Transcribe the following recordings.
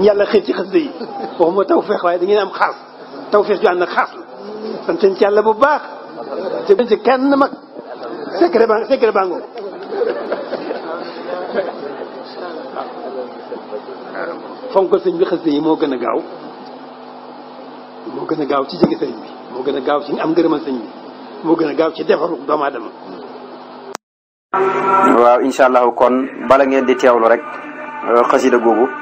yàlla xëy ci xasida yi waxuma tawfeex waaye da ngeen am xaas tawfeex ju ànd ak xaas la ci yàlla bu baax te ci kenn mag sëñ bi xasida yi moo gën a gaaw moo gën a gaaw ci jege sëñ bi moo gën a gaaw ci am ngërëmal sëñ bi moo gën a gaaw ci defaru doomu waaw incha allahu kon bala ngeen di teewlu rek xasida googu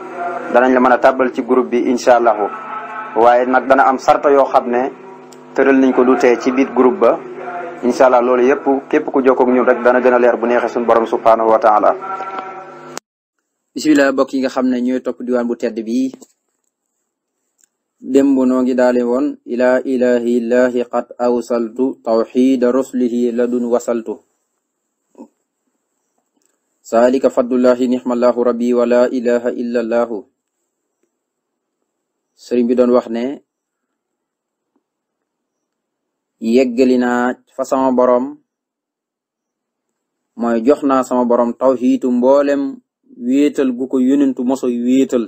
danañ la mën a tàbbal ci groupe bi incha allahu waaye nag dana am sarta yoo xam ne tëral nañ ko du tee ci biir groupe ba incha lool loolu yëpp képp ku jokkoog ñun rek dana gën leer bu neexee suñu borom subhaanahu wa taala bisimilah mbokk yi nga xam ne ñooy topp diwaan bu tedd bi démb noo ngi daale woon ilaa ilahi illahi qad awsaltu tawxida rusulihi ladun wasaltu saalika fadlullahi nixmallahu rabbi wa la ilaha illa sëriñ bi doon wax ne yeggali naa fa sama borom mooy jox naa sama borom tawxiitu mboolem wéetal gu ko yónentu moso wéetal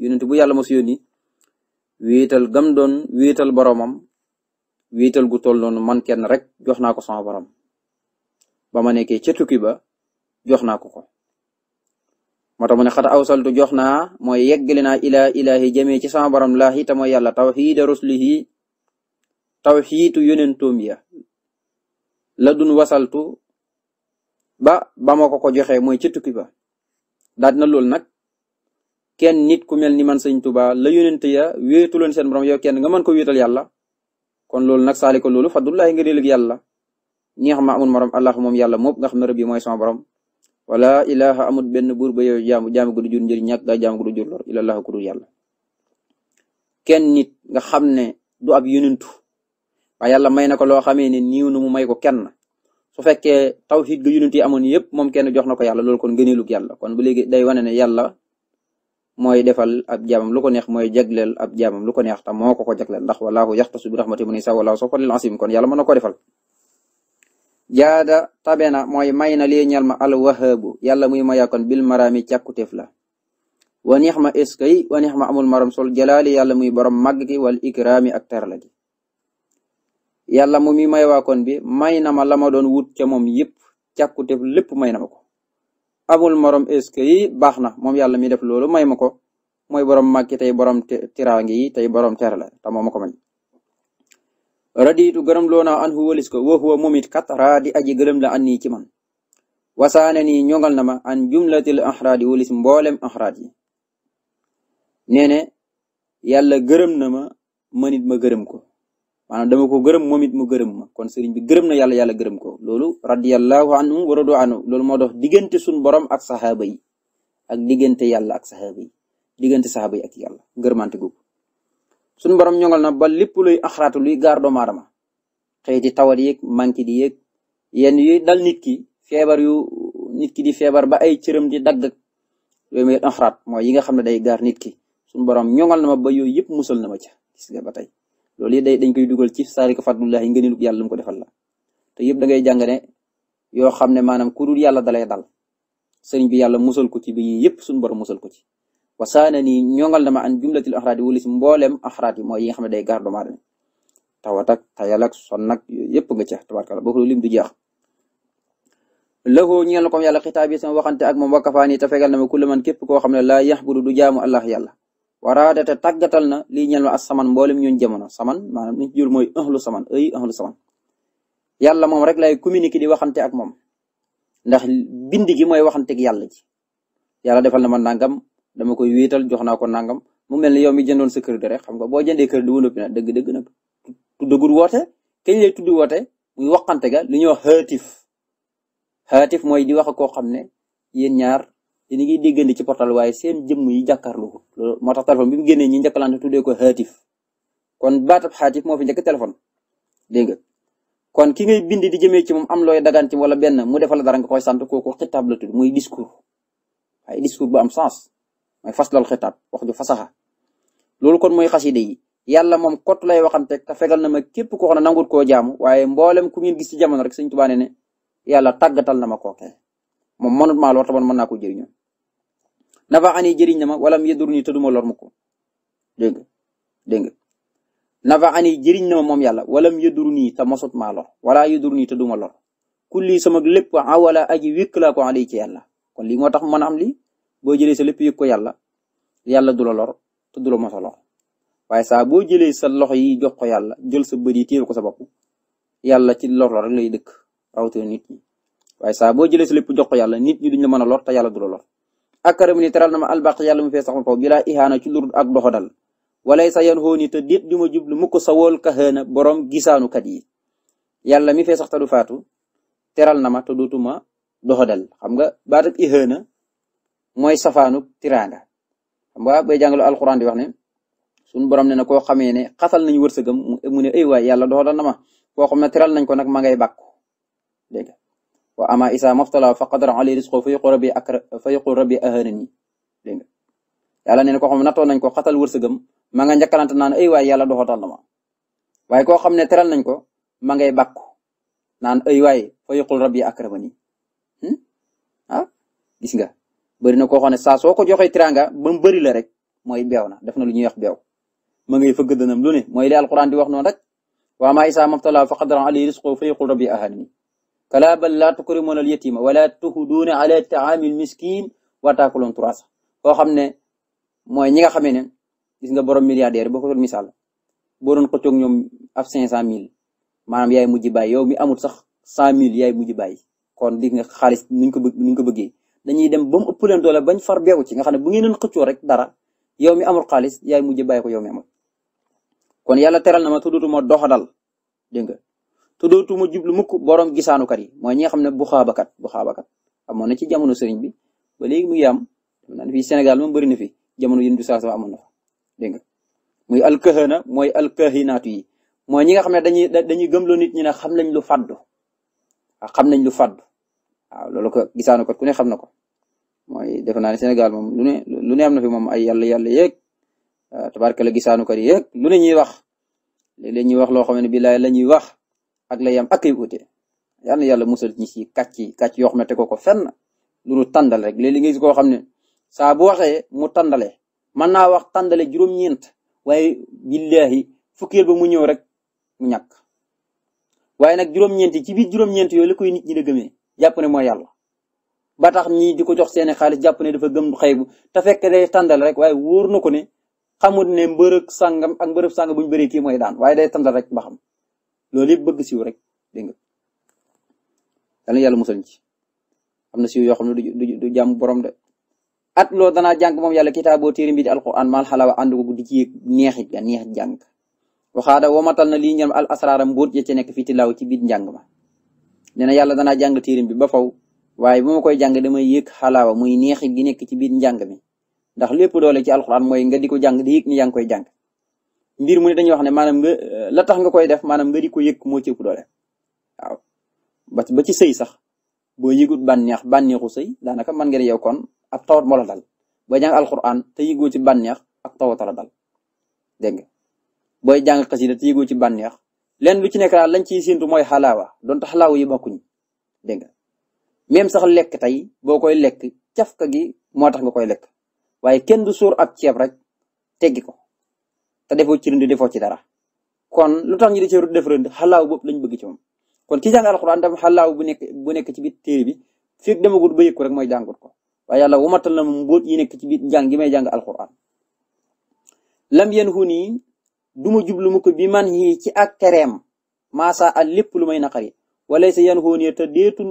yónentu bu yàlla moso yónni wéetal gam doon wéetal boromam wéetal gu toll noonu man kenn rek jox naa ko sama borom ba ma nekkee ca tukki ba jox naa ko ko moo tax mu ne xat awsaltu jox naa mooy yeggali naa ilaa ilaahi jëmee ci sama borom laahi te mooy yàlla tawxiida ruslihi tawxiitu yonentoom ya la dun wasaltu ba ba ma ko ko joxee mooy ci tukki ba daal na loolu nag kenn nit ku mel ni man sëñ Tuba la yonent ya wéetu loon seen borom yow kenn nga mën ko wéetal yàlla kon loolu nag saali ko loolu faddullaahi nga réelig yàlla ñeex ma amul morom allah moom yàlla moom nga xam ne rëbb yi mooy sama borom wala ilaha amul benn buur ba yow jaamu jaamu gu du jur njëriñ ñàkk gaa jaamu gu du jur lor ilallah ku dul yàlla kenn nit nga xam ne du ab yonentu waaye yàlla may na ko loo xamee ne niiw na mu may ko kenn su fekkee tawhid ga yonent yi amoon yëpp moom kenn jox na ko yàlla loolu kon gëneelug yàlla kon bu day wane yàlla mooy defal ab jaamam lu neex mooy jagleel ab jaamam lu ko neex tam moo ko ko jagleel ndax walaahu yaxtasu bi rahmati man yasaa walaahu soo ko lil asim kon yàlla mën na ko defal jaada tabe na mooy may na lii ñal ma al wahaabu yàlla muy mayakon bil maraami càkkutéef la wa neex ma eskay wa neex ma amul maram sol jalaali yàlla muy borom màgg gi wal ikraami ak terla gi yàlla mu mi may bi may na ma la ma doon wut ca moom yëpp càkkutéef lépp may na ko amul morom eskay baax na moom yàlla mi def loolu may ma ko mooy borom màgg tey borom tiraange yi tey borom terla te moo ma ko may radiitu gërëm loo naa anhu walis ko wa huwa moom it kat raa di gërëm la an nii ci man wasaane nii ñongal na ma an jumlatil axraadi walis mboolem axraad yi nee ne yàlla gërëm na ma man ma gërëm ko maanaam dama ko gërëm moom it mu gërëm ma kon sëriñ bi gërëm na yàlla yàlla gërëm ko loolu radiyallahu anhum wa radu anhu loolu moo dox diggante suñ borom ak saxaaba yi ak diggante yàlla ak saxaaba yi diggante saxaaba yi ak yàlla gërëmante googu suñu borom ñoŋal na ba lépp luy axaraatu luy gaar doomu aadama xëyti tawat yeeg manki di yeeg yenn yuy dal nit ki feebar yu nit ki di feebar ba ay cëram di dagg yooyu mooy axaraat mooy yi nga xam ne day gaar nit ki suñu borom ñongal na ma ba yooyu yëpp musal na ma ca gis nga ba tey loolu yëpp day dañ koy dugal ci saalika fadlullahi nga nilu yàlla lu mu ko defal la te yëpp da ngay jàng yoo xam ne maanaam ku dul yàlla dalay dal sëriñ bi yàlla musal ko ci bi yëpp suñu borom musal ko ci wa saana nii ñongal dama an jumlatil axraat yi wulis mboolem axraat yi mooy yi nga xam ne day ta doomu aadama tawat ak tayal ak sonn ak yëpp nga ceex tabaarkalla boo ko lim du jeex lahu ñeel na ko yala xitaab yi sama waxante ak moom wakkafaani te fegal na ma kulla man képp koo xam ne laa yaxbudu du jaamu allah yàlla waraada te na li ñeel ma as saman mboolem ñun jamono saman maanaam li ñu jël mooy ahlu saman ay ahlu saman yàlla moom rek lay communiquer di waxante ak moom ndax bind gi mooy waxante ak yàlla ji dama koy wiital jox naa ko nangam mu mel ni yow mi jëndoon sa crédit rek xam nga boo jëndee crédit wala nag dëgg-dëgg nag tuddagul woote kañ lay tudd woote muy waxante ga li ñuy wax haatif haatif mooy di wax ak koo xam ne yéen ñaar yéen a ngi déggandi ci portal waaye seen jëmm yi jàkkaarloo ko moo tax téléphone bi mu génnee ñi njëkkalante tuddee ko haatif kon baatab haatif moo fi njëkk téléphone dégg nga kon ki ngay bind di jëmee ci moom am looy dagaan ci wala benn mu defala dara nga koy sant kooku xitaab la tudd muy discours ay discours bu am sens. mooy faslal xitaab wax ju fasaxa loolu kon moy xasida yi yàlla moom kot lay waxante ka fegal na ma képp koo xam ne nangut koo jaamu waaye mboolem ku ngeen gis ci jamono rek Sëñ Tuubaa ne ne yàlla tàggatal na ma kookee moom mënut maa lor te man mën naa ko jëriñoo nafa ani jëriñ na ma wala mu yëduru ni te duma lor ko dégg nga nga nafa ani jëriñ na moom yàlla wala mu yëduru nii te mosut maa lor wala yëduru nii te duma lor kulli sama lépp awala aji wékk laa ko alay ci yàlla kon lii moo tax mën a boo jëlee sa lépp yëg ko yàlla yàlla du la lor te du la mos a lor waaye saa boo jëlee sa loxo yi jox ko yàlla jël sa bët yi téel ko sa bopp yàlla ci lor lay dëkk rawatina nit ñi boo jëlee sa lépp jox ko yàlla nit ñi duñ la mën a lor te yàlla du la lor. akkaram ni teral na ma albaq yàlla mu fee sax ma kaw bilaa ihaana ci lurut ak doxadal wala sa yan xoon yi te déet du ma jublu mu ko sawool kaxaana borom gisaanukat yi yàlla mi fee sax te du faatu teral na ma te dootuma doxadal xam nga baat ak mooy safaanu tiraanga xam nga bay jàngalu alxuraan di wax ne suñu borom ne na koo xamee ne xasal nañu wërsëgam mu ne ay waay yàlla doxal na ma koo ne teral nañ ko nag ma ngay bàkku dégg nga wa ama isa maftala fa qadara alayhi rizqo fa yaqul yàlla nee na xam ne nattoon ko xasal wërsëgam ma nga njëkkalante naan ay waay yàlla doxatal na ma waaye koo xam ne teral nañ ko ma ngay bàkku naan ay waay fa yaqul rabbi akramani hmm? ah gis nga bëri na koo xam ne saa soo ko joxee tiranga ba mu bëri la rek mooy beew na def na lu ñuy wax beew ma ngay fëgg dënam lu ne mooy li alquran di wax noonu rek wa ma isa mabtala fa qadara alayhi rizqahu fa yaqul rabbi ahanni kala bal la tukrimuna al yatima wala tuhduna ala taami al miskin wa taakulun turasa koo xam ne mooy ñi nga xamee ne gis nga borom milliardaire boo ko doon misaal boo doon xëccoog ñoom af cinq cent mille maanaam yaay mujji bàyyi yow mi amul sax cent mille yaay mujj bàyyi kon di xaalis nuñ ko bëgg nuñ ko bëggee dañuy dem ba mu ëpp leen doole bañ far beewu ci nga xam ne bu ngeen leen xëccoo rek dara yow mi amul xaalis yaay mujj bàyyi ko yow mi amul kon yàlla teral na ma tuddootuma doxadal dégg nga jub lu mukk borom gisaanukat yi mooy ñi nga xam ne bu xaabakat bu xaabakat amoon na ci jamono sëriñ bi ba léegi mu ngi am Sénégal moom bëri na fi jamono yëndu saa sama amoon na fa dégg nga muy alkahana mooy alkahinaatu yi mooy ñi nga xam ne dañuy dañuy gëmloo nit ñi ne xam nañ lu faddu xam nañ lu faddu waaw loolu ko gisaanu ko ku ne xam na ko mooy defe naa ne Sénégal moom lu ne am na fi moom ay yàlla yàlla yeeg euh, tabarka la gisaanu ko yeeg lu ne ñuy wax léeg-léeg ñuy wax loo xam ne bi laay la ñuy wax ak la yam ak ay ute yal na yàlla musal ñi si kàcc yi kàcc yoo xam ne te ko ko fenn lu nu tàndal rek léeg-léeg nga gis koo xam ne saa bu waxee mu tàndale mën naa wax tàndale juróom-ñeent waaye billahi fukkeel ba mu ñëw rek mu ñàkk waaye nag juróom-ñeent yi ci biir juróom-ñeent yooyu la nit ñi jàpp ne mooy yàlla ba tax ñii di ko jox seeni xaalis jàpp ne dafa gëm xaybu te fekk day tàndal rek waaye wóor na ko ne xamut ne mbërëb sàngam ak mbërëb sàngam bu ñu bëree kii mooy daan waaye day tàndal rek ba xam loolu yëpp bëgg siiw rek dégg nga dana yàlla musal ci am na siiw yoo xam ne du du jàmm borom de at loo danaa jàng moom yàlla kitaaboo téere bi di alquran maal xalawa ànd ko di ci yëg neexit ga neex jàng waxaada womatal na lii ñam al asraara mbóot ya ci nekk fii tilaaw ci biir njàng ma nee na yàlla danaa jàng tiirim bi ba faw waaye bu koy koy jàng damay yëg xalaawa muy neexit gi nekk ci biir njàng mi ndax lépp doole ci alxuraan mooy nga di ko jàng di yëg ni yaa ngi koy jàng mbir mu ne dañuy wax ne maanaam nga la tax nga koy def maanaam nga di ko yëg moo ci ëpp doole waaw ba ba ci sëy sax boo yëgut bànneex bànneexu sëy daanaka man nga ne yow kon ab tawat moo dal ba jàng alxuraan te yëgoo ci bànneex ak tawat la dal dégg nga booy jàng xasida te ci bànneex lenn lu ci nekk daal lañ ciy séntu mooy xalaawa donte xalaawa yi bokkuñ dégg nga même sax lekk tey boo koy lekk cafka gi moo tax nga koy lekk waaye kenn du suur ab ceeb rek teggi ko te defoo ci rënd defoo ci dara kon lu tax ñu di ci def rënd xalaaw boobu lañ bëgg ci moom kon ki jàng alxuraan dafa xalaaw bu nekk bu nekk ci biir téere bi fii demagul ba yëg ko rek mooy jàngut ko waaye wu matal na mu mbóot yi nekk ci biir njàng gi may jàng alxuraan lam yéen duma jublu mu ko bi man yi ci ak tereem maasa a lépp lu may naqari walay sa yan xóonee te deetu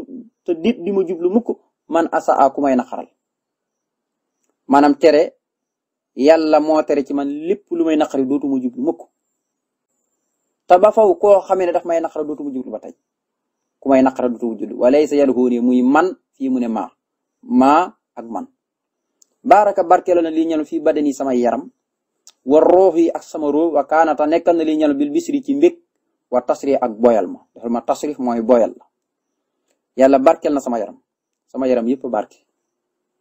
te dit di ma jublu mukk man asa a ku may naqaral maanaam tere yàlla moo tere ci man lépp lu may naqari dootu ma jublu mukk te ba faw koo xamee ne daf may naqara dootu ma jublu ba tey ku may naqara dootu ma jublu walay sa yan xóonee muy man fii mu ne maa ma ak man baaraka barkeelo na li ñan fii badani sama yaram wa ruux yi ak sama ruux wa kaana nekkal na li ñal bil bisri ci mbég wa tasri ak boyal ma defal ma tasrif mooy boyal la yàlla barkel na sama yaram sama yaram yëpp barke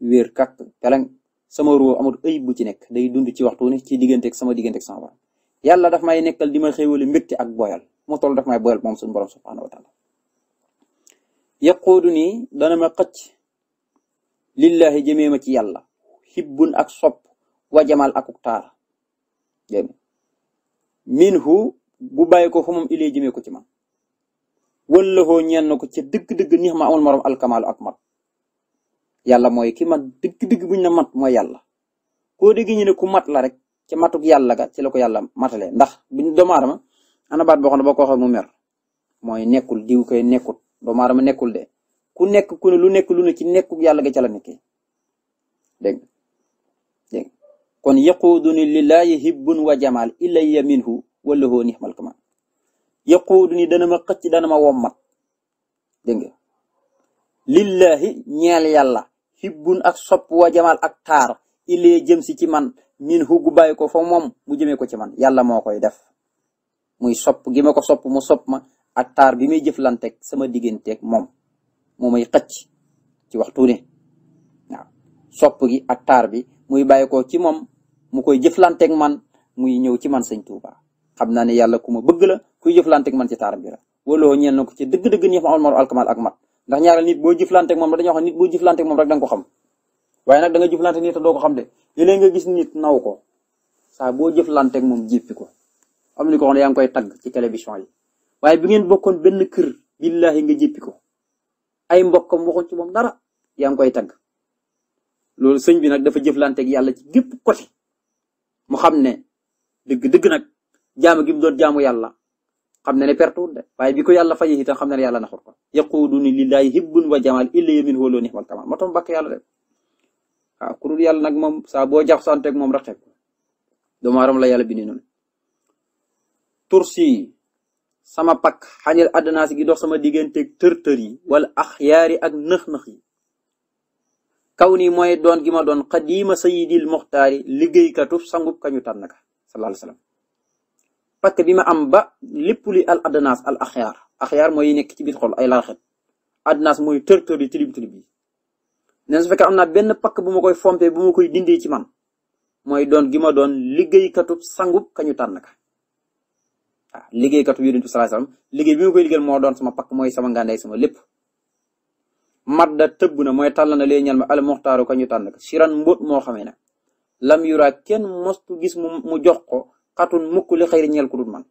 wéer kak peleng sama ruux amul ayib bu ci nekk day dund ci waxtu ne ci digganteek sama digganteeg sama borom yàlla daf may nekkal di ma xéwale mbégte ak boyal mu toll daf may boyal moom suñu borom subhaanahu wa taala yaquudu ma xëcc lillahi jëmee ma ci yàlla hibbun ak sopp wa jamal akuk dégg minhu bu bàyyi ko fa moom ilee jëmee ko ci ma man wallahoo ñeen na ko ca dëgg-dëgg neex ma amul morom alkamaalu ak mat yàlla mooy ki mat dëgg-dëgg buñ na mat mooy yàlla ko dégg ñu ne ku mat la rek ci matuk yàlla ga ci la ko yàlla matalee ndax buñ doomu aadama ana baat boo xam ne boo ko mu mer mooy nekkul diw koy nekkut doomu aadama nekkul de ku nekk ku ne lu nekk lu ne ci nekku yàlla ga ca la nekkee kon yaquuduni lillaahi hibbun wa jamaal ilayya minhu wala hoo nixmal kamal yaquuduni dana ma xëcc dana ma wommat dégg nga lillaahi ñeel yàlla hibbun ak sopp wa jamaal ak taar ilee jëm si ci man min hu gu bàyyi ko fa moom mu jëmee ko ci man yàlla moo koy def muy sopp gi ma ko sopp mu sopp ma ak taar bi muy jëflanteeg sama digganteeg moom moo may xëcc ci waxtu ne waaw sopp gi ak taar bi muy bàyyi ko ci moom mu koy jëflanteeg man muy ñëw ci man sëñ Tuuba xam naa ne yàlla ku ma bëgg la kuy jëflanteeg man ci taaram bi la waloo ñeen na ko ci dëgg-dëgg ñi xamul maru alkamal ak mat ndax ñaareel nit boo jëflanteeg moom dañoo xam nit boo jëflanteeg moom rek da nga ko xam waaye nag da nga nit te doo ko xam de léeg nga gis nit naw ko saa boo jëflanteeg moom jéppi ko am ni ko xam ne yaa ngi koy tagg ci télévision yi waaye bi ngeen bokkoon benn kër billahi nga jéppi ko ay mbokkam waxuñ ci moom dara yaa ngi koy tagg loolu sëñ bi nag dafa jëflanteeg yàlla ci gépp côté mu xam ne dëgg-dëgg nag jaamu gi mu doon jaamu yàlla xam ne ne pertuut de waaye bi ko yàlla fayee itam xam ne ne yàlla naxul ko yaquuduni lillahi hibbun wa jamal illa yamin hooloo nixmal kamal moo tax bàkk yàlla de waaw yàlla nag moom saa boo jax santeeg moom raqeek doomu aadama la yàlla bindee noonu tursi sama pakk xañil àddinaas sigi dox sama digganteeg tër-tër yi wala axyaari ak nëx-nëx yi kaw nii mooy doon gi ma doon xadiima sayidil muxtaari liggéeykatu sangub kañu tànn ka sallallahu alayhi wa sallam parce que bi ma am ba lépp li al adnaas al axyaar axyaar mooy nekk ci biir xol ay larxet adnaas mooy tër tër yi tilib tilib yi neen su fekkee am naa benn pakk bu ma koy fompe bu ma koy dindee ci man mooy doon gi ma doon liggéeykatub sangub kañu tànn ka waaw liggéeykatub yonent bi sallallahu bi ma koy liggéeyal moo doon sama pakk mooy sama ngànday sama lépp madda tëbb na mooy tàll na lee ñal ma al muxtaaru ka ñu tànn ka siran mbóot moo xamee ne lam yuraa kenn mostu gis mu mu jox ko xatun mukk li xëyri ñel ku dul man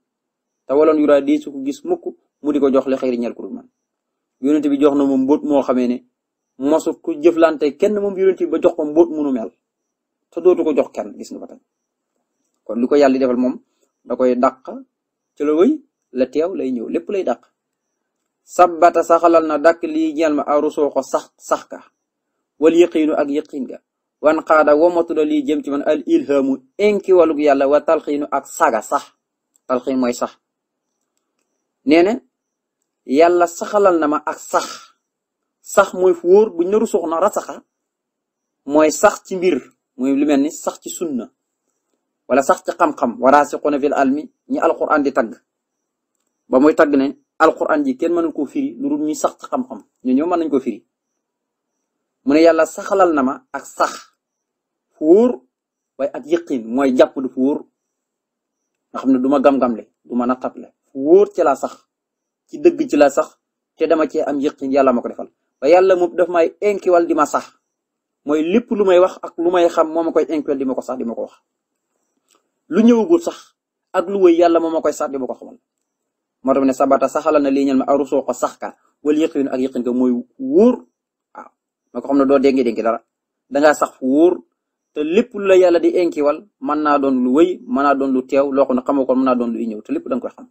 te waloon yuraa dee su ko gis mukk mu di ko jox le xëyri ñel ku dul man yonent bi jox na moom mbóot moo xamee ne mosu ku jëflante kenn moom yonent bi ba jox ko mbóot munu mel te dootu ko jox kenn gis nga ba tey kon lu ko yàlla defal moom da koy dàq ci la la teew lay ñëw lépp lay daq sabbata saxalal na dàkk lii ñeel ma arusoo ko sax sax ka wal yaqiinu ak yaqiin ga wan xaada womatu la lii jëm ci man al ilhamu inki walug yàlla wa talxiinu ak saga sax talxiin mooy sax nee na yàlla saxalal na ma ak sax sax mooy fu wóor buñ na rusux na rasaxa mooy sax ci mbir mooy lu mel ni sax ci sunna wala sax ci xam-xam waraasiquna fil almi ñi alquran di tagg ba muy tagg ne alquran ji kenn mënu koo firi lu dul ñuy sax ci xam-xam ñu ñëw mën nañ ko firi mu ne yàlla saxalal na ma ak sax fu wóor waaye ak yëqin mooy jàpp du fu wóor nga xam ne du ma gam-gamle du ma nattable fu wóor ci laa sax ci dëgg ci laa sax te dama cee am yëqin yàlla ma ko defal waaye yàlla moom daf may inkiwal di ma sax mooy lipp lu may wax ak lu may xam moom ma koy inkiwal di ma ko sax di ma ko wax lu ñëwagul sax ak lu wëy yàlla moo ma koy sax di ma ko xamal moo tax mu ne sabata saxalal na lii ñel ma arusoo sax ka wala yëqin ak yëqin nga mooy wóor waaw ma xam ne doo dénki dénki dara danga sax wóor te lépp lu la yàlla di enkiwal mën naa doon lu wéy mën naa doon lu teew loo xam ne xamoo ko mën naa doon lu ñëw te lépp danga koy xam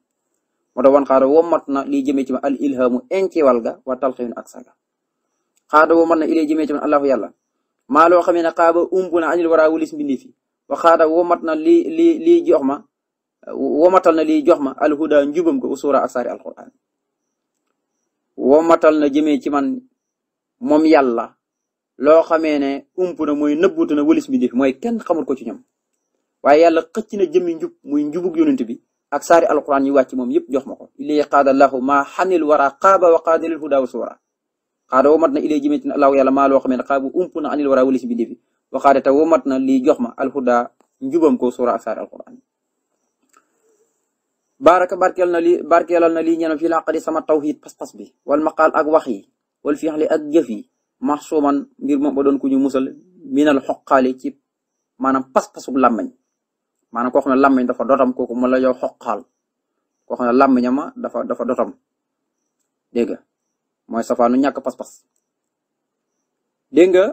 moo tax wan xaada woo mat na lii jëmee ci ma al ilhamu enkiwal ga wa talxiin ak saga xaada woo mat na ilay jëmee ci ma allahu yàlla maa loo xamee ne xaaba umb na añul waraa lii lii jox ma womatal na lii jox ma alhuda njubam ko usura asaari alquran womatal na jëmee ci man moom yàlla loo xamee ne ump na mooy nëbbuutu na wëlis mi def mooy kenn xamul ko ci ñoom waaye yàlla xëcc na jëmi njub muy njubug yonent bi ak saari alquran yi wàcc moom yëpp jox ma ko ilay qaada lahu ma xanil wara qaaba wa qaadalil huda usura xaada womat na ilay jëmee ci allahu yàlla maa loo xamee ne xaabu ump na anil wara wëlis mi defi wa xaada womat na lii jox ma alhuda njubam ko usura asaari alquran baaraka barkeel na li barkeelal na lii ñeneen fii laqali sama taw pas-pas bi wal maqaal ak wax yi wal fiixli ak jëf yi maxsuuman mbir moom ba doon ku ñu musal minal xoqaali ci maanaam pas-pasub làmmañ maanaam koo xam ne làmmañ dafa dotam kooku mu la yow xoqaal koo xam ne làmmañama dafa dafa dotam dégg mooy safaanu ñàkk pas-pas dégg nga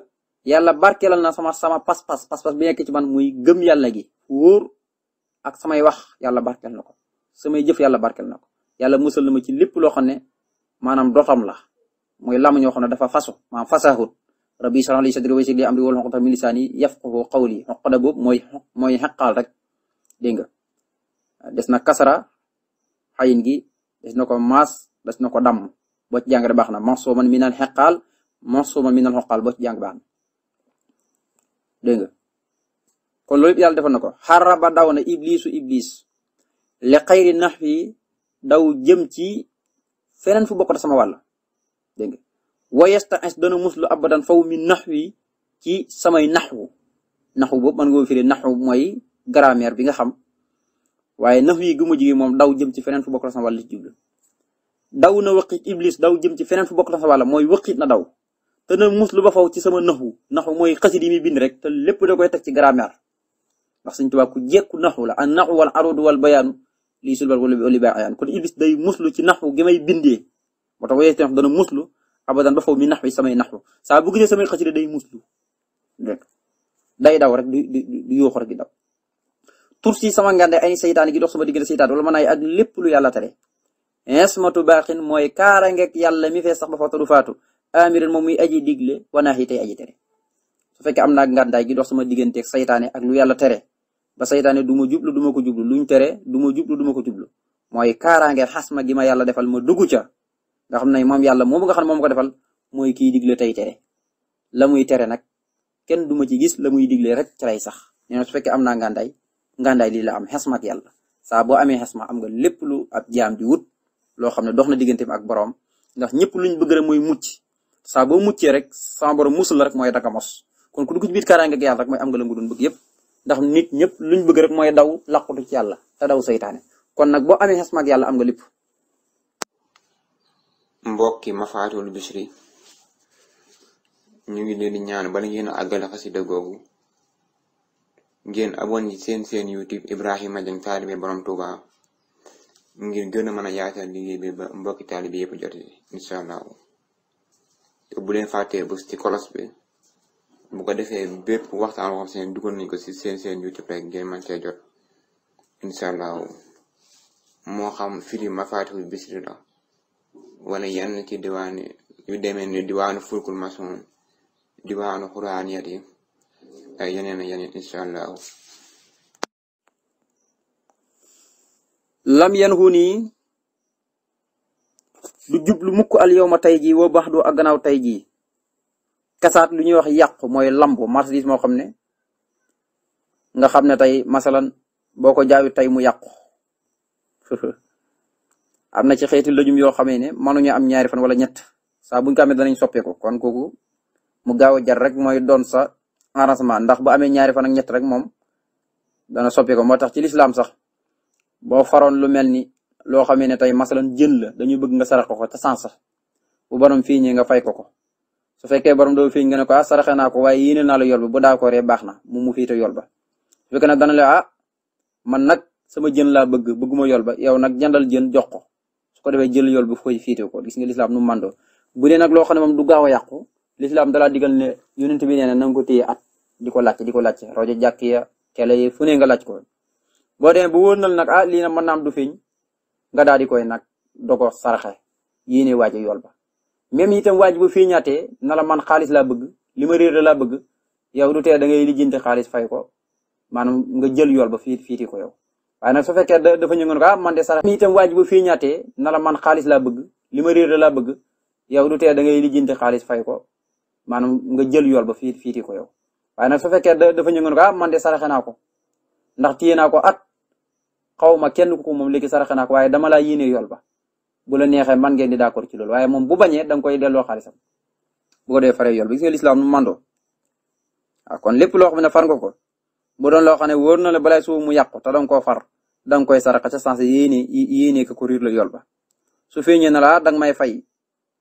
yàlla barkeelal na sama sama pas-pas bi nekk ci man muy gëm yàlla gi wóor ak samay wax yàlla barkeel na ko. samay jëf yàlla barkel na ko yàlla musal na ma ci lépp loo xam ne maanaam doxam la mooy lam ñoo xam ne dafa fasu ma fasahut rabbi shrah li sadri wa yassir li mooy mooy xaqaal rek dégg nga des na kasara xayin gi des na ko maas des na ko damm boo ci baax na maxsuuman minal xaqaal maxsuuman minal xoqaal boo ci jàng na dégg nga kon loolu yàlla defoon xaraba daw na iblisu iblis li xayri nax fi daw jëm ci feneen fu bokk sama wàll dégg nga wayesta es dana muslu faw mi nax wi ci samay naxwu naxwu boobu mën nga firi naxwu mooy grammaire bi nga xam waaye nax wi gu mujj gi moom daw jëm ci feneen fu bokkut sama wàll ci jublu daw na waqit iblis daw jëm ci feneen fu bokkut sama wàll mooy waqit na daw te muslu ba faw ci sama naxwu naxwu mooy xasit yi muy bind rek te lépp da koy teg ci grammaire ndax Sëñ Tuubaa ku jekku naxwu la an naxwu wal arudu wal bayaanu lii sulbal wala bi oliba ayaan kon iblis day muslu ci naxu gi may bindee moo tax wayees dana muslu abadan ba faw mi naxu samay naxu saa bu gisee samay xasida day muslu dégg day daw rek du du du yooxu rek di daw tur si sama ngande ay seytaan gi dox sama diggante seytaan wala mën ay ak lépp lu yàlla tere ismatu baaxin mooy kaarangeeg yàlla mi fee sax ba fataru faatu amirin mo muy aji digle wanaax yi aji tere su fekkee am naa ngandaay gi dox sama digganteeg seytaane ak lu yàlla tere ba saytaane du ma jublu duma ko jublu luñ tere du ma jublu du ma ko jublu mooy kaaraange xasma gi ma yàlla defal ma dugg ca nga xam na moom yàlla moom nga xam ne moom ko defal mooy kiy digle tey tere la muy tere nag kenn du ma ci gis la muy digle rek ca lay sax nee na su fekkee am naa ngàndaay ngàndaay lii la am xasma ak yàlla saa boo amee xasma am nga lépp lu ab jaam di wut loo xam ne dox na digganteem ak borom ndax ñëpp luñ bëgg rek mooy mucc saa boo muccee rek sama borom musul rek mooy daka mos kon ku dugg ci biir kaaraange ak yàlla rek ndax nit ñëpp luñ bëgg rek mooy daw laqatu yàlla te daw seytaane kon nag boo amee xasma ak yàlla am nga lépp. mbokki Mafaatul Bichri ñu ngi leen di ñaan bala ngeen a àggale xasida googu ngeen abonné ci seen seen YouTube Ibrahima Dieng taalibe borom Touba ngir gën a mën a yaatal liggéey bi ba mbokki taalibe yëpp jot ci incha te bu leen fàttee bés ci kolos bi. bu ko defee bépp waxtaan woo xam seen dugal nañ ko si seen seen youtube rek ngeen mën cee jot incha allahu moo xam firi mafaatihul bisri la wala yenn ci diwaani yu demee ni diwaanu fulkul mason diwaanu xuraaniyat yi yeneen a yeneen incha allahu lam yan xu nii jublu mukk al yow ma tey jii woo baax du ak gannaaw tey jii kasaat lu ñuy wax yàqu mooy lamb marchandise moo xam ne nga xam ne tey masalan boo ko jaayut tey mu yàqu am na ci xeeti lëjum yoo xamee ne mënuñu am ñaari fan wala ñett saa buñ ko amee danañ soppeeku kon mu gaaw a jar mooy doon sa arrangement ndax bu amee ñaari fan ak ñett rek moom dana soppeeku moo tax ci lislaam sax boo faroon lu mel ni loo xamee ne tey masalan jën la dañu bëgg nga sarax ko ko te sans sax bu borom fii ñi nga fay ko ko. su fekkee borom doo feeñ nga ne ko ah saraxe naa ko waaye yéene naa la yol ba bu daa ko ree baax na mu mu fiite yol ba a fekkee ah, man nag sama jën laa bëgg bëgguma yol ba yow nag jëndal jën jox ko su ko defee jël yol ba fooy fiite ko gis nga lislaam nu mu mandoo bu dee nag loo xam ne moom du gaaw a yàqu lislaam dalaa digal ne yonent bi nee na na nga ko téye at di ko laajte di ko laajte rajo jàkk ya tele yi fu ne laaj ko boo demee bu wóor na nag ah lii nag mën naa am du feeñ nga daal di koy nag dogo saraxe yéene waaje yol ba même itam waaj bu fii ñaatee na man xaalis laa bëgg li ma réer laa bëgg yow du tee da ngay lijjanti xaalis fay ko maanaam nga jël yool ba fii fiiti ko yow su fekkee dafa ñëwoon ko ah man de waaj bu fii ñaatee na la man xaalis laa bëgg li ma réer laa bëgg yow du tee da ngay lijjanti xaalis fay ko maanaam nga jël yool ba fii fiiti ko yow waaye nag su fekkee dafa ñëwoon ko ah man de saraxe naa ko ndax téye naa ko at xaw ma kenn ku ko moom léegi saraxe naa ko waaye dama laa yéene yool ba bu la neexee man ngeen di da d'accord ci loolu waaye moom bu bañee da koy delloo xaalisam bu ko dee fare yoon bi gis nga lislaam nu ah, kon lépp loo xam ne far nga ko bu doon loo xam ne wóor na la balay suuf mu yàqu te danga koo far danga koy saraxa ca sens yéene yéene ko la yool ba su feeñee na laa ah, danga may fay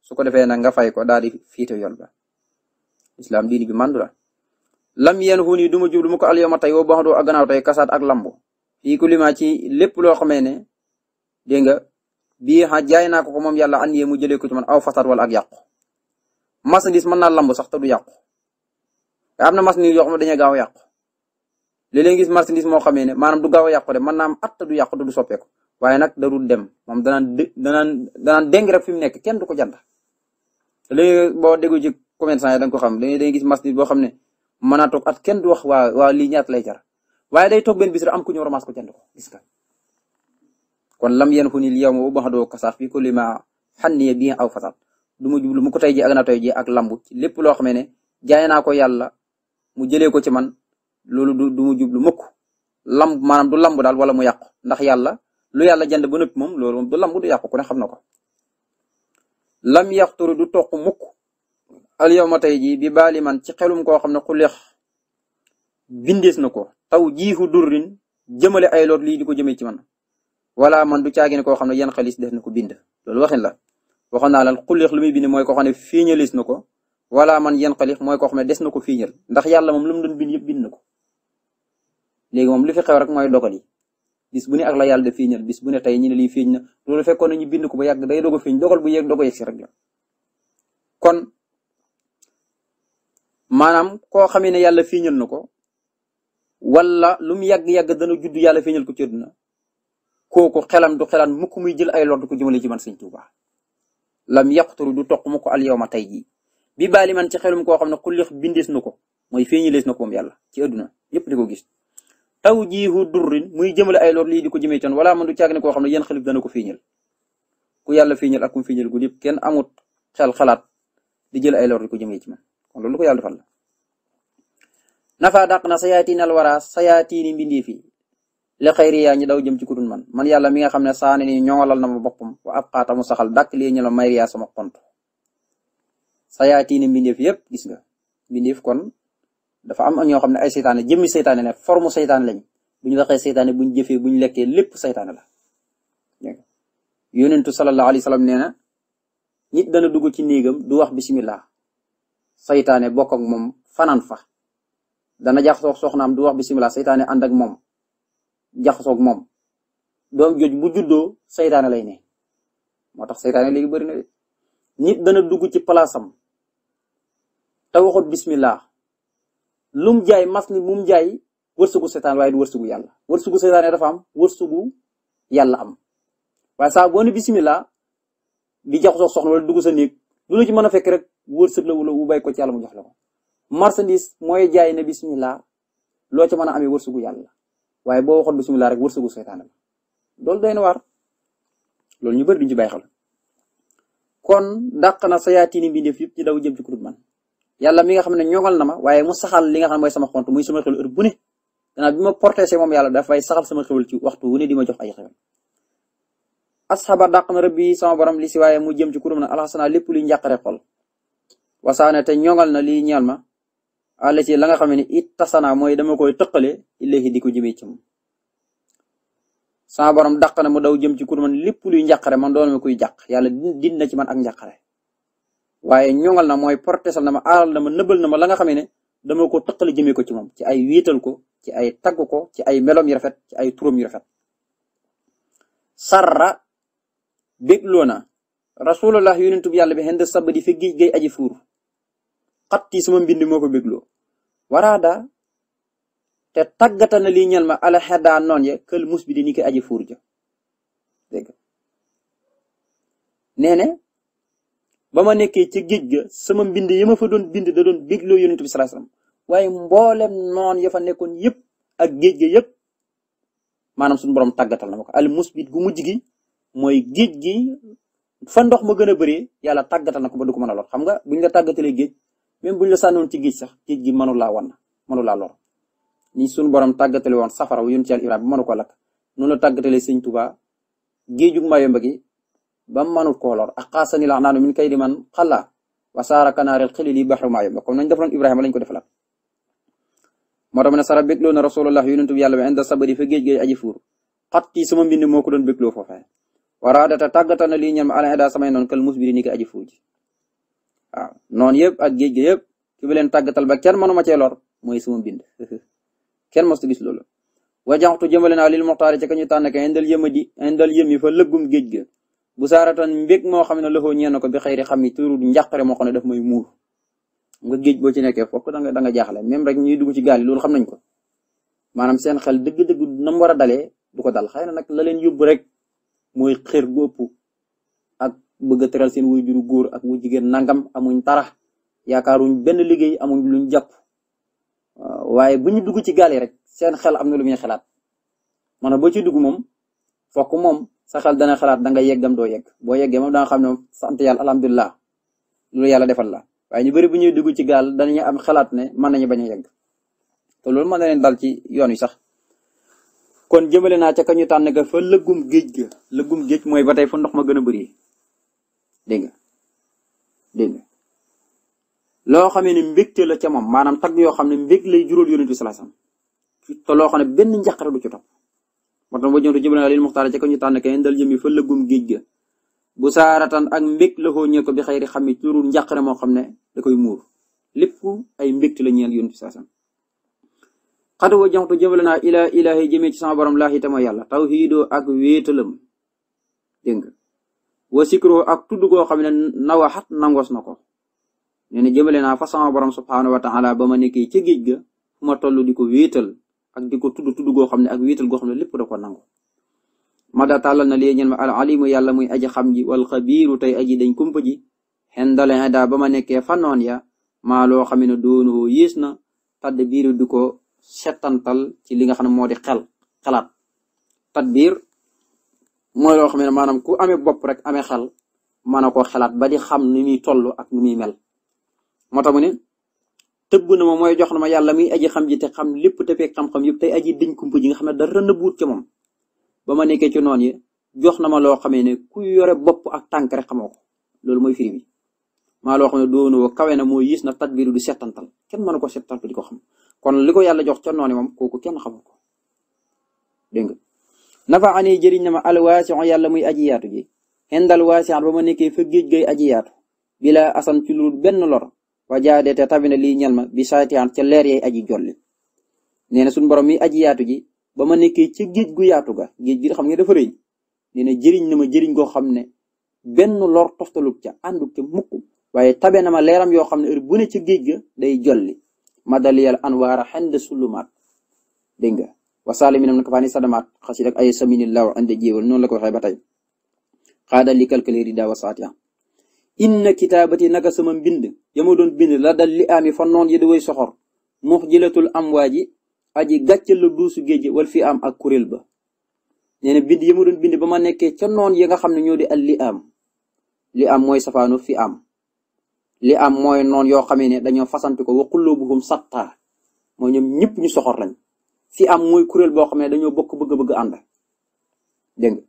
su defee nag nga fay ko daal di fiite yool ba islam diini bi mandu la lam yen fu nii du ma jublu ko alyoma tey woo ba xadoo ak gannaaw tey kasaat ak lambu fii ku lima ci lépp loo xamee ne dégg bii xa jaay naa ko ko moom yàlla an yee mu jëlee ko ci man aw fasad wala ak yàqu marchandise mën naa lamb sax te du yàqu am na marchandise yoo xam ne dañuy gaaw a yàqu léeg-léeg moo xamee ne maanaam du gaaw a yàqu de mën naa at te du yàqu te du soppeeku waaye nag darul dem moom danaan dé danaan danaan déng rek fi mu nekk kenn du ko jënd léegi boo déglu ci commerçant yi da nga ko xam léegi dañuy gis marchandise boo xam ne mën naa toog at kenn du wax waa waa lii ñaata lay jar waaye day toog benn bis am ku ñëw ramas ko jënd ko gis nga kon lam yanhunil yawma wa baxdoo kasax fi kulli ma xanniya bi aw fasad du ma jublu mu ko tey ji ak na tey ji ak lambu ci lépp loo xam ne jaay naa ko yàlla mu jëlee ko ci man loolu du du ma lu mukk lamb maanaam du lamb daal wala mu yàqu ndax yàlla lu yàlla jënd ba noppi moom loolu moom du lamb du yàqu ku ne xam na ko lam yaxturu du toq mukk al yawma tey ji bi baali man ci xelum koo xam ne xuleex bindees na ko taw jiihu durrin jëmale ay loot lii di ko jëmee ci man wala man du caagin koo xam ne yan xalis def na ko bind loolu waxin la waxoon naa lan xulix lu muy mooy ko xam ne fiiñalis na ko wala man yan xalix mooy ko xam ne des na ko fiiñal ndax yàlla moom lu mu doon bind yëpp bind na ko léegi moom li fi xew rek mooy dogal yi bis bu ne ak la yàlla de fiiñal bis bu ne tey ñu ne lii fiiñ na loolu fekkoon nañu bind ko ba yàgg day doog a fiiñ dogal bu yéeg doog a kon maanaam koo xamee ne yàlla fiiñal na ko wala lu mu yàgg-yàgg dana judd yàlla fiiñal ko ci àdduna kooku xelam du xelaan mukk muy jël ay lord ko jëmale ci man sëñ Tuuba lam yaqturu du toq mu ko al yawma bi baali ci xelum koo xam ne xullix bindees na ko mooy feeñi lees na ko moom yàlla ci àdduna ñëpp di ko gis taw jiihu durrin muy jëmale ay lor di ko jëmee coon wala man du caag ne koo xam ne yéen xelif dana ko feeñal ku yàlla feeñal ak ku mu feeñal gu yëpp kenn amut xel xalaat di jël ay di ko jëmee ci man kon loolu ko yàlla defal la nafa dàq na sayaatiinal wara sayaatiini mbindeef li xëyri ñi daw jëm ci kudul man man yàlla mi nga xam ne saane ñoo ñoŋalal na ma boppam wa ab xaatamu saxal dàkk lii ñu la may yaa sama xont sayaatiini mbindeef yëpp gis nga mbindeef kon dafa am ñoo xam ne ay seytaane jëmmi seytaane ne formu seytaane lañ bu ñu waxee seytaane bu ñu jëfee bu lekkee lépp seytaane la yonentu sallallahu alayhi wa sallam nee na nit dana dugg ci néegam du wax bismillah seytaane bokk ak fanaan fa dana jax sox soxnaam du wax bismillah seytaane ànd ak moom jaxasoog moom donc jooju bu juddoo seytaane lay ne moo tax seytaane léegi bëri na de nit dana dugg ci palaasam te waxut bismillah lum jaay mas ni mum jaay wërsëgu seytaane waaye du wërsëgu yàlla wërsëgu seytaane dafa am wërsëgu yàlla am waaye saa boo ne di jaxasoog soxna wala dugg sa néeg lu la ci mën a fekk rek wërsëg la wala wu bay ko ci yàlla mu jox la ko marchandise mooy jaay ne bismillah loo ci mën a amee wërsëgu yàlla waaye boo waxoon bisimilah rek wërsëgu seytaan la loolu doy na waar loolu ñu bëri duñ ci bàyyi xel kon daq na sayaatini mbindeef yëpp ci daw jëm ci ku dul man yàlla mi nga xam ne ñoŋal na ma waaye mu saxal li nga xam ne sama xont muy sama xewal heure bu ne danaa bi ma portésee moom yàlla dafay saxal sama xewal ci waxtu wu ne di jox ay xewal asxaba dàq na rabbi sama borom li si waaye mu jëm ci ku na man alxasana lépp luy njàqare xol wasaane te ñoŋal na lii ñeel ma àll ci la nga xam ne it tasanaa mooy dama koy tëqale ilayhi di ko jëmee ci moom sama borom dàq na mu daw jëm ci kur man lépp luy njàqare man doon ma kuy jàq yàlla din na ci man ak njàqare waaye ñoŋal na mooy portesal na ma aaral na ma nëbal na ma la nga xam ne dama ko tëqale jëmee ko ci moom ci ay wiital ko ci ay taggu ko ci ay melom yu rafet ci ay turam yu rafet sarra bégloo na rasulullah yonentub yàlla bi xend sabadi fi géej gay aji fuur xatti sama mbind moo ko bégloo waraada te tàggata na lii ñel ma ala xeddaa noon ya kël mus bi di ni koy aji fuur ja dégg nee nekkee ca géej ga sama mbind yi ma fa doon bind da doon bégloo yonent bi sallallahu alayhi wasallam waaye mboolem noon ya fa nekkoon yëpp ak géej ga yëpp maanaam suñu borom tàggatal na ma ko al musbit gu mujj gi mooy géej gi fa ndox ma gën a bëree yàlla tàggatal na ko ba du ko mën a lor xam nga buñ la tàggatalee géej même buñ la sànnoon ci géej sax géej gi mënu laa wan mënu laa lor ni suñu borom tàggatale woon safara wu yónni ci Ibrahima bi ko lakk noonu tàggatalee sëñ Tuubaa géejug Mayomba gi ba mënut koo lor a xaasani la naanu min kay di man xala wasaara kanaareel xilil yi baxru Mayomba comme nañ defoon Ibrahima lañ ko def la moo tax ma sara bégloo na rasulullah yonent bi yàlla bi inda sabari fa géej géej aji fuur xat yi sama mbind moo ko doon bégloo foofee waraadata tàggatal na li ñam alain daa samay noonu waaw noonu yëpp ak géej gi yëpp ki bi leen tàggatal ba kenn mënuma cee lor mooy sama bind kenn mosu gis loolu wa jaxtu jëmale naa lil muxtaari ca ka ñu tànn ka indal yëma ji indal yëm yi fa lëggum géej ga bu saaratan mbég moo xam ne loxoo ñeen ko bi xëyri xam yi turu njàqare moo xam ne daf may muur nga géej boo ci nekkee fokk danga danga jaaxle même rek ñuy dugg ci gaal yi loolu xam nañ ko maanaam seen xel dëgg-dëgg na mu war a dalee du ko dal xëy na nag la leen yóbbu rek mooy xër gu ëpp bëgg a teral seen juru góor ak wu jigéen nangam amuñ tara yaakaaruñ benn liggéey amuñ luñ jàpp waaye bu ñu dugg ci gaal yi rek seen xel am na lu muy xalaat maanaam boo ci dugg moom fokk moom sa xel dana xalaat da nga yeggam doo yegg boo yeggee moom da xam ne sant yàlla alhamdulilah loolu yàlla defal la waaye ñu bëri bu ñuy dugg ci gaal danañu am xalaat ne mën nañu bañ a yegg te loolu mën na leen dal ci yoon wi sax. kon jëmale naa ca ka ñu tànn ka fa lëggum géej ga lëggum géej mooy ba tey fa ndox ma gën a bëri dégg nga dégg nga loo xamee ne mbégte la ca moom maanaam tagg yoo xam ne mbég lay jural yonent bi sallallahu alayhi wasallam loo xam ne benn njàqare du ci topp moo tax wajjantu jibril lil muxtaar ca ko ñu tànn kay ndal jëmi fa lëggum géej ga bu saaratan ak mbég la xoo ko bi xayri xam ne turul moo xam ne da koy muur lépp ay mbégte la ñeel yonent bi sallallahu alayhi wasallam xatu wa jaxtu jëmale naa ilaa ilaahi jëmee ci sama borom laahi ak wéetalam dégg wa ak tudd goo xam ne nawaxat nangos na ko nee na jëmale naa fa sama borom subhaanahu wa taala ba ma nekkee ca géej ga fu ma toll di ko wéetal ak di ko tudd tudd goo xam ne ak wéetal goo xam ne lépp da ko nangu mada tàllal na lee ñen ma al alimu yàlla muy aji xam ji wal xabiiru tey aji dañ kumpa ji xendale da ba ma nekkee fanoon ya maalo loo xam ne doonoo yées na tadd biiru di ko settantal ci li nga xam ne moo di xel xalaat mooy loo xam ne maanaam ku amee bopp rek amee xel mën a koo xelaat ba di xam ni muy toll ak ni muy mel moo tax mu ne tëbb na ma mooy jox na ma yàlla muy aji xam ji te xam lépp te fekk yëpp tey aji diñ kumpa ji nga xam ne dara nëbbuut ci moom ba ma nekkee ci noon yi jox na ma loo xamee ne ku yore bopp ak tànk rek xamoo ko loolu mooy firi bi maa loo xam ne doonoo kawe na moo yiis na tadbiru du settantal kenn mënu ko settantal di ko xam kon li ko yàlla jox ca noonu moom kooku kenn xamu ko nafa ani jëriñ na ma alwaasi yàlla muy aji yaatu ji xendal waasi ba ma nekkee fa géej gay aji yaatu bila asan ci benn lor wa jaade te tabina lii ñal ma bi saatian ca leer yay aji jolli nee na suñu borom mi aji yaatu ji ba ma nekkee ca géej gu yaatu ga géej gi xam nga dafa rëy nee na jëriñ na ma jëriñ goo xam ne benn lor toftalug ca àndug ca mukk waaye tabe na ma leeram yoo xam ne heure bu ne ca géej ga day jolli madaliyal anwaara xend sulumaat dégg nga wasaali mi nam naka faani sadamaat xasid ak ay samini law ande jéewal noonu la ko waxee ba tey xaada li kalkaleeri daa wasaatiya inna kitaabati naka sama mbind yama doon bind la dal li noon yi da way soxor muxjilatul amwaaji aji gàccal la duusu géej wal fi am ak kuréel ba nee na bind yama doon bind ba ma nekkee ca noon yi nga xam ne ñoo di al li am li am mooy safaanu fi am li am mooy noon yoo xamee ne dañoo fasanti ko wa xulluubuhum satta mooy ñoom ñëpp ñu soxor lañ fi am mooy kuréel boo xam ne dañoo bokk bëgg-bëgg ànd dégg nga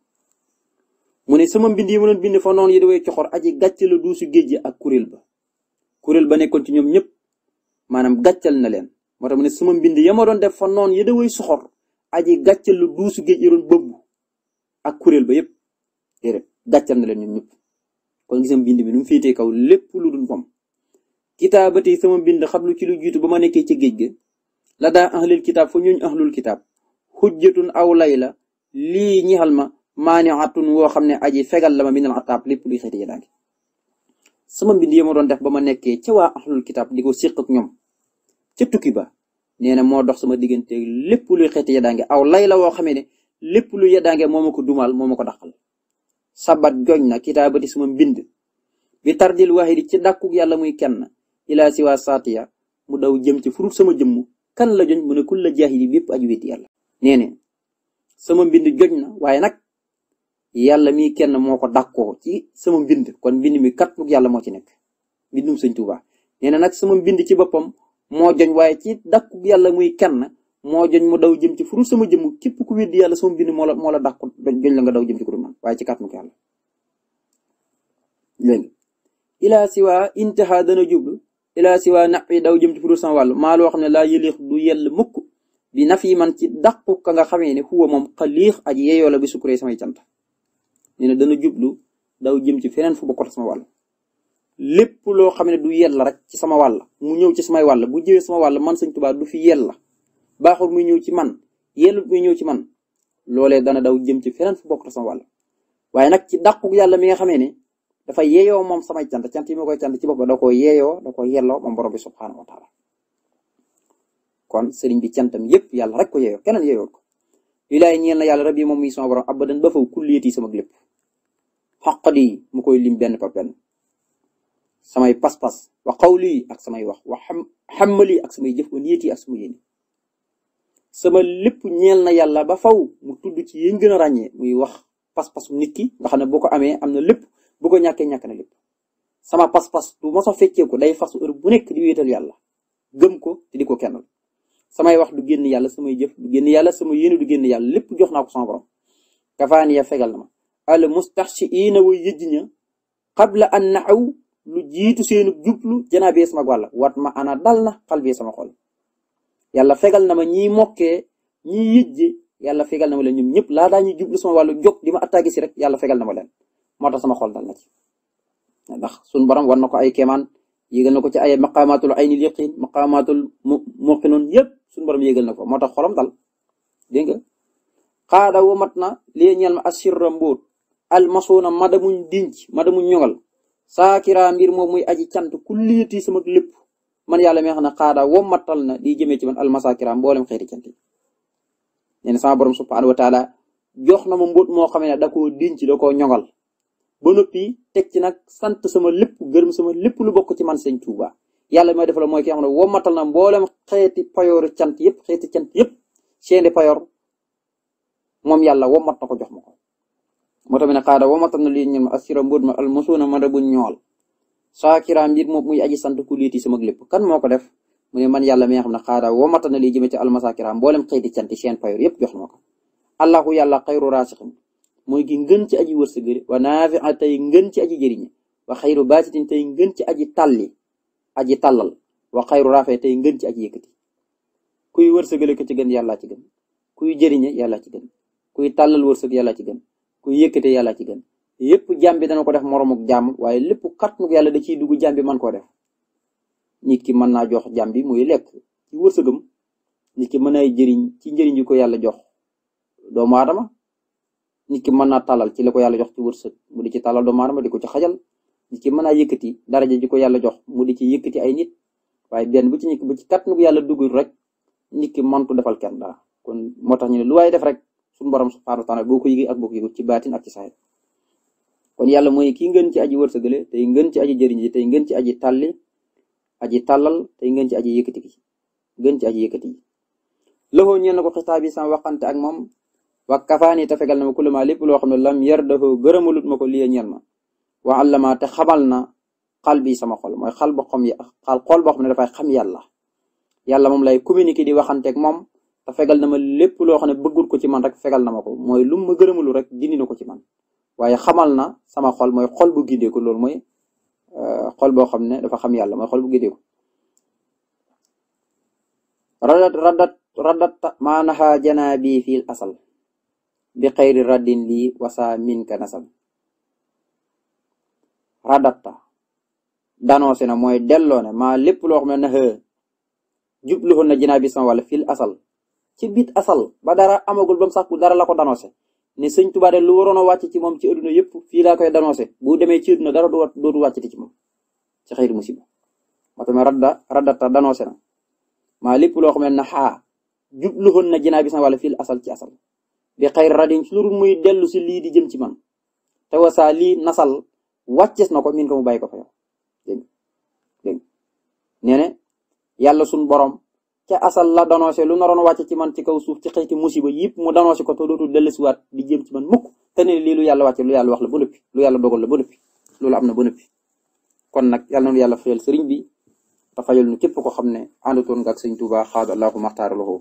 mu ne sama mbind yi ma doon bind fa noonu yi dawee coxor aji gàcce la duusu géej gi ak kuréel ba kuréel ba nekkoon ci ñoom ñëpp maanaam gàccal na leen moo ne sama mbind ya ma doon def fa noonu yi dawee soxor aji gàcce la duusu géej yi doon bëbb ak kuréel ba yëpp déedéet na leen ñoom ñëpp kon gisam mbind bi nu mu féetee kaw lépp lu dul moom kitaabati sama mbind xam lu ci lu jiitu ba ma nekkee ci géej gi la daa ahlul kitaab fu ñuñ ahlul kitaab xujjatun aw lay la lii ñixal ma maaniatun woo xam ne aji fegal la ma minal ataab lépp luy xeeti yeddaange sama mbind yi ma doon def ba ma nekkee ca waa ahlul kitaab di ko ca tukki ba nee na moo dox sama diggante lépp luy xeeti yeddaange aw lay la woo xam ne lépp lu yeddaange moom ma ko dumaal moo ma ko daqal sabat joñ na kitaabati sama mbind bi tardil waxidi ci dàkkuk yàlla muy kenn ilaa siwa saatiya mu daw jëm ci furut sama jëmm kan la joñ mu ne kulla jaahili bépp aju wéet yàlla nee ne sama mbind joñ na waaye nag yàlla mii kenn moo ko dàkkoo ci sama mbind kon mbind mi kat luk yàlla moo ci nekk mbindum sëñ Tuubaa nee na nag sama mbind ci boppam moo joñ waaye ci dàkku yàlla muy kenn moo joñ mu daw jëm ci furu sama jëm képp ku wéddi yàlla sama mbind moo la moo la dàkku joñ la nga daw jëm ci kuréel man waaye ci kat luk yàlla léegi ilaa siwa intaha dana jublu ilaa si waa naq yi daw jëm ci puru sama wàll maa loo xam ne laa yëliix du yell mukk bi naf yi man ci dàqu ka nga xamee ne xuwa moom xaliix aji yeyoo la bi sukuree samay cant nee na dana jublu daw jëm ci feneen fu bokkut sama wàll lépp loo xam ne du yella rek ci sama wàll mu ñëw ci samay wàll bu jëwee sama wàll man sëñ Tuubaa du fi yella baaxul muy ñëw ci man yellut muy ñëw ci man loolee dana daw jëm ci feneen fu bokkut sama wàll waaye nag ci dàqu yàlla mi nga xamee ne dafa yeeyoo moom samay cant cant yi ma koy ci boppam da ko yeeyoo da ko yelloo moom borom bi subhaanahu kon sëriñ bi cantam yëpp yàlla rek ko yeeyoo keneen yeeyoo ko ilaahi ñeel na yàlla moom mi sama borom abadan ba faw kulliyati sama lépp mu koy lim benn par benn samay ak samay wax wa xamali ak samay jëf wa lépp ñeel na yàlla ba faw mu tudd ci yéen gën a ràññee muy wax pas-pasu nit ki nga xam ne boo ko amee am na lépp bu ko ñàkkee ñàkk na lépp sama pas-pas du mos a fecceeku day fasu heure bu nekk di wéetal yàlla gëm ko te di ko kennal samay wax du génn yàlla samay jëf du génn yàlla sama yéene du génn yàlla lépp jox na ko sama borom kafaani ya fegal na ma al na way yëjji ña qabla an naxaw lu jiitu seenu jublu janaa bee sama wàlla wat ma ana dal na xal sama xol yàlla fegal na ma ñiy mokkee ñiy yëjje yàlla fegal na ma leen ñoom ñëpp laa daa ñuy jub sama wàllu jóg di ma attaqué si rek yàlla fegal na ma leen moo tax sama xol dal na ci ndax suñu war na ko ay kemaan yégal na ko ci ay maqaamaatul aynil yaqin maqaamaatul muqinoon yëpp suñu borom yégal na ko moo tax xolam dal dégg nga xaada mat na lii ñeel ma asirra mbóot almasuuna madamuñ dinc madamuñ ñoŋal saakira mbir moom muy aji cant ku liiti sama lépp man yàlla meex na xam ne wo matal na di jëmee ci man almasakira mboolem xeeti cant yi sama borom subhanahu wa taala jox na ma mbóot moo xam ne da koo dinc da koo ba noppi teg ci nag sant sama lépp gërëm sama lépp lu bokk ci man sëñ Tuuba yàlla may defal mooy ki xam ne womatal na mboolem xeeti payooru cant yëpp xeeti cant yëpp seeni payoor moom yàlla womat na ko jox ma ko moo tamit ne xaada womatal na lii ñun ma assira mbóot ma al masuuna ma rabu ñool saakira mbir moom muy aji sant ku kan moo ko def mu ne man yàlla mi nga xam ne xaada womatal na lii jëme ci almasakira mboolem xeeti cant seen payoor yëpp jox ma ko allahu yàlla xayru raasixin mooy gi ngën ci aji wërsëgëri wa naafi'a tey ngën ci aji jëriñe wa xayru baasitin tey ngën ci aji tàlli aji tàllal wa xayru raafe tey ngën ci aji yëkkati kuy wërsëgële ko ci gën yàllaa ci gën kuy jëriñe yàllaa ci gën kuy tàllal wërsëg yàllaa ci gën kuy yëkkate yàllaa ci gën yépp jaam bi dana ko def moromuk jaam waaye lépp kàttanug yàlla da ciy dugg jaam bi mën koo def nit ki mën naa jox jaam bi muy lekk ci wërsëgam nit ki mën ay jëriñ ci njëriñ yi ko yàlla jox doomu aadama nit ki mën naa tàllal ci la ko yàlla jox ci wërsëg mu di ci tàllal doomu aadama di ko ci xajal nit ki mën naa yëkkati daraja jox mu di ci yëkkati ay nit waaye benn bu ci nit ki bu ci kat nu ko yàlla duggul rek nit ki mëntu defal kenn daa kon moo tax ñu lu waaye def rek suñu borom subhaanahu wa taala boo ko yëgee ak boo ko yëgul ci baatin ak ci saay kon yàlla mooy kii ngeen ci aji wërsëgale tey ngeen ci aji jëriñ ji tey ngeen ci aji tàlli aji tàllal tey ngeen ci aji yëkkati gi ngeen ci aji yëkkati yi wa kafaani te fegal na ma kullu ma lépp loo xam ne lam yardahu gërëmalut ma ko lii ñeel ma wa allama te xamal na xal bi sama xol mooy xal boo xam xal xol boo xam ne dafay xam yàlla yàlla moom lay communiqué di waxanteeg moom te fegal na ma lépp loo xam ne bëggul ko ci man rek fegal na ma ko mooy lu ma gërëmalu rek dindi ko ci man waaye xamal na sama xol mooy xol bu gindeeku loolu mooy euh, xol boo xam ne dafa xam yàlla mooy xol bu gindeeku radat radat radat maanaha janaa asal bi xayri raddin lii wasaa min ka nasam radatta danoo na mooy delloo ma maa lépp loo xam ne na xëë jubluxoon na jinaa bi sama wala fil asal ci biit asal ba dara amagul ba mu dara la ko danoose ne sëñ Tuubaa de lu waroon a wàcc ci moom ci adduna yëpp fii laa koy danoose bu demee ci adduna dara dootu wàccati ci moom ci xayri musiba moo tax radda radatta danoose na maa lépp loo xam ne na xaa jubluxoon na jinaa bi wala fil asal ci asal bi xayr radin ci lu muy dellu si lii di jëm ci man te wasaa lii nasal wàcces na ko min ko mu bàyyi ko fa yow yàlla sunu borom ca asal la danoosé lu naroon wàcce ci man ci kaw suuf ci xeeti musiba yëpp mu danoosé ko te dootul dellusiwaat di jëm ci man mukk te ne lu yàlla wàcce lu yàlla wax la ba noppi lu yàlla dogal la ba noppi loolu am na ba kon nag yàlla na yàlla fayal sëriñ bi te fayal nu képp ko xam ne àndatoon nga ak sëriñ Tuubaa xaada allahu maxtaar lahu